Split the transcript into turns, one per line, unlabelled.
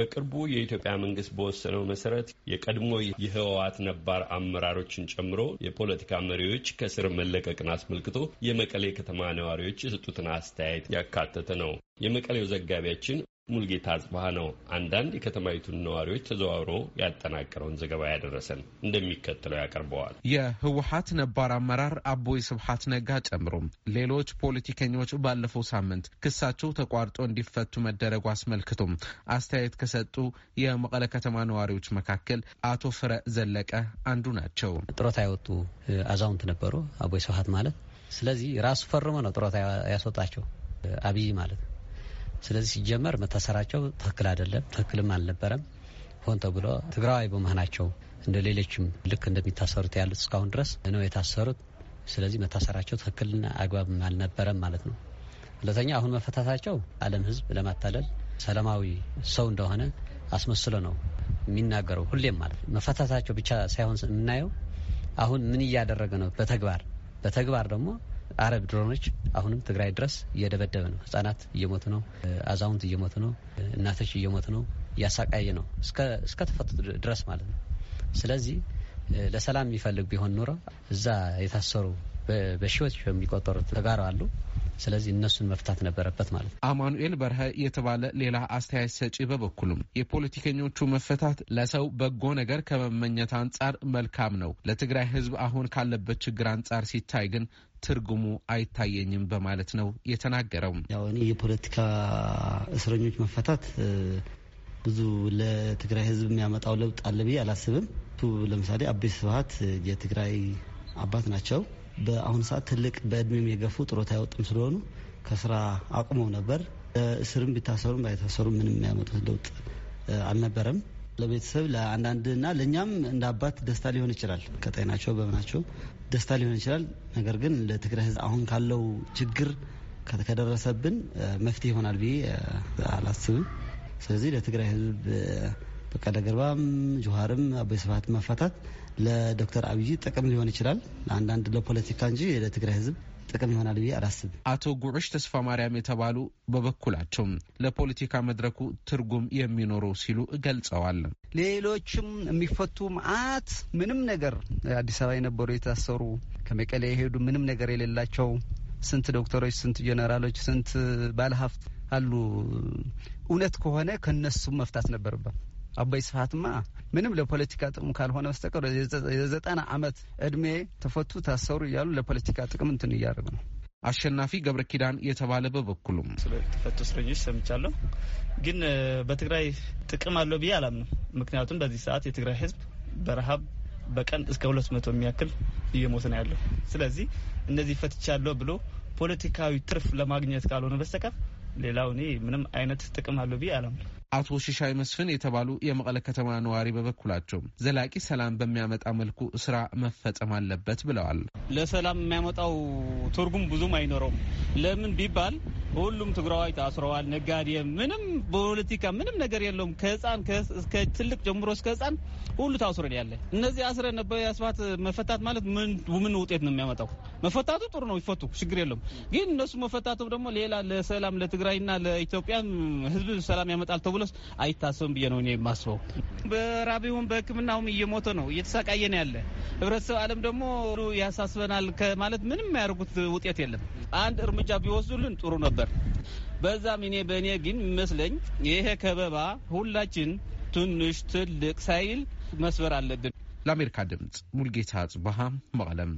በቅርቡ የኢትዮጵያ መንግስት በወሰነው መሰረት የቀድሞ የህወሓት ነባር አመራሮችን ጨምሮ የፖለቲካ መሪዎች ከስር መለቀቅን አስመልክቶ የመቀሌ ከተማ ነዋሪዎች የሰጡትን አስተያየት ያካተተ ነው። የመቀሌው ዘጋቢያችን ሙልጌታ አጽባሃ ነው አንዳንድ የከተማይቱን ነዋሪዎች ተዘዋውሮ ያጠናቀረውን ዘገባ ያደረሰን እንደሚከተለው ያቀርበዋል።
የህወሀት ነባር አመራር አቦይ ስብሀት ነጋ ጨምሮም ሌሎች ፖለቲከኞች ባለፈው ሳምንት ክሳቸው ተቋርጦ እንዲፈቱ መደረጉ አስመልክቶም አስተያየት ከሰጡ የመቀለ ከተማ ነዋሪዎች መካከል አቶ ፍረ ዘለቀ አንዱ
ናቸው። ጡረታ የወጡ አዛውንት ነበሩ አቦይ ስብሀት ማለት። ስለዚህ ራሱ ፈርሞ ነው ጥሮታ ያስወጣቸው አብይ ማለት ነው ስለዚህ ሲጀመር መታሰራቸው ትክክል አይደለም፣ ትክክልም አልነበረም። ሆን ተብሎ ትግራዋይ በመሆናቸው እንደ ሌሎችም ልክ እንደሚታሰሩት ያሉት እስካሁን ድረስ ነው የታሰሩት። ስለዚህ መታሰራቸው ትክክልና አግባብ አልነበረም ማለት ነው። ሁለተኛ አሁን መፈታታቸው ዓለም ሕዝብ ለማታለል ሰላማዊ ሰው እንደሆነ አስመስሎ ነው የሚናገረው ሁሌም ማለት ነው። መፈታታቸው ብቻ ሳይሆን የምናየው አሁን ምን እያደረገ ነው በተግባር በተግባር ደግሞ አረብ ድሮኖች አሁንም ትግራይ ድረስ እየደበደበ ነው። ህጻናት እየሞቱ ነው። አዛውንት እየሞቱ ነው። እናቶች እየሞቱ ነው። እያሳቃየ ነው እስከ ተፈቱ ድረስ ማለት ነው። ስለዚህ ለሰላም የሚፈልግ ቢሆን ኖረ እዛ የታሰሩ በሺዎች የሚቆጠሩ ተጋሩ አሉ። ስለዚህ እነሱን መፍታት ነበረበት ማለት ነው።
አማኑኤል በርሀ የተባለ ሌላ አስተያየት ሰጪ በበኩሉም የፖለቲከኞቹ መፈታት ለሰው በጎ ነገር ከመመኘት አንጻር መልካም ነው፣ ለትግራይ ህዝብ አሁን ካለበት ችግር አንጻር ሲታይ ግን ትርጉሙ አይታየኝም በማለት ነው የተናገረው።
ያው እኔ የፖለቲካ እስረኞች መፈታት ብዙ ለትግራይ ህዝብ የሚያመጣው ለውጥ አለ ብዬ አላስብም። ለምሳሌ አቤ ስብሀት የትግራይ አባት ናቸው። በአሁኑ ሰዓት ትልቅ በእድሜም የገፉ ጥሮታ አይወጥም ስለሆኑ ከስራ አቁመው ነበር። እስርም ቢታሰሩም ባይታሰሩም ምንም የሚያመጡት ለውጥ አልነበረም። ለቤተሰብ ለአንዳንድና ለእኛም እንደ አባት ደስታ ሊሆን ይችላል። ከጤናቸው በምናቸው ደስታ ሊሆን ይችላል። ነገር ግን ለትግራይ ሕዝብ አሁን ካለው ችግር ከደረሰብን መፍትሄ ይሆናል ብዬ አላስብም። ስለዚህ ለትግራይ ሕዝብ በቀለ ገርባም ጆሀርም አቦይ ስብሀት ማፋታት ለዶክተር አብይ ጥቅም ሊሆን ይችላል። ለአንዳንድ ለፖለቲካ እንጂ ለትግራይ ህዝብ ጥቅም ይሆናል ብዬ አላስብ
አቶ ጉዑሽ ተስፋ ማርያም የተባሉ በበኩላቸው ለፖለቲካ መድረኩ ትርጉም የሚኖረው ሲሉ ገልጸዋል።
ሌሎችም የሚፈቱ ማአት ምንም ነገር አዲስ አበባ የነበሩ የታሰሩ ከመቀለ የሄዱ ምንም ነገር የሌላቸው ስንት ዶክተሮች፣ ስንት ጀነራሎች ስንት ባለሀብት አሉ። እውነት ከሆነ ከነሱ መፍታት ነበርበት። አባይ ስፋትማ ምንም ለፖለቲካ ጥቅም ካልሆነ በስተቀር የዘጠና ዓመት እድሜ ተፈቱ ታሰሩ እያሉ ለፖለቲካ ጥቅም እንትን እያደረጉ ነው።
አሸናፊ ገብረ ኪዳን የተባለ በበኩሉም ስለተፈቱ እስረኞች ሰምቻለሁ፣ ግን በትግራይ
ጥቅም አለው ብዬ አላምንም። ምክንያቱም በዚህ ሰዓት የትግራይ ህዝብ በረሃብ በቀን እስከ ሁለት መቶ የሚያክል እየሞት ነው ያለው። ስለዚህ እነዚህ ፈትቻለሁ ብሎ ፖለቲካዊ
ትርፍ ለማግኘት ካልሆነ በስተቀር ሌላው እኔ ምንም አይነት ጥቅም አለው ብዬ አላምንም። አቶ ሽሻይ መስፍን የተባሉ የመቀለ ከተማ ነዋሪ በበኩላቸው ዘላቂ ሰላም በሚያመጣ መልኩ ስራ መፈጸም አለበት ብለዋል።
ለሰላም የሚያመጣው ትርጉም ብዙም አይኖረውም። ለምን ቢባል ሁሉም ትግራዋይ ታስረዋል። ነጋዴ ምንም ፖለቲካ ምንም ነገር የለውም። ከህፃን እስከ ትልቅ ጀምሮ እስከ ህፃን ሁሉ ታስረን ያለ እነዚህ አስረ ነበር ያስፋት መፈታት ማለት ምን ውጤት ነው የሚያመጣው? መፈታቱ ጥሩ ነው፣ ይፈቱ፣ ችግር የለውም። ግን እነሱ መፈታቱ ደግሞ ሌላ ለሰላም ለትግራይና ለኢትዮጵያ ህዝብ ሰላም ያመጣል ተብሎስ አይታሰብም ብዬ ነው እኔ የማስበው። በራቢውን በህክምናውም እየሞተ ነው እየተሰቃየ ነው ያለ ህብረተሰብ አለም ደግሞ ያሳስበናል ከማለት ምንም ያደርጉት ውጤት የለም። አንድ እርምጃ ቢወስዱልን ጥሩ ነበር። ነበር። በዛም እኔ በእኔ ግን ይመስለኝ ይሄ ከበባ
ሁላችን ትንሽ ትልቅ ሳይል መስበር አለብን። ለአሜሪካ ድምፅ ሙልጌታ ጽበሃ መቀለም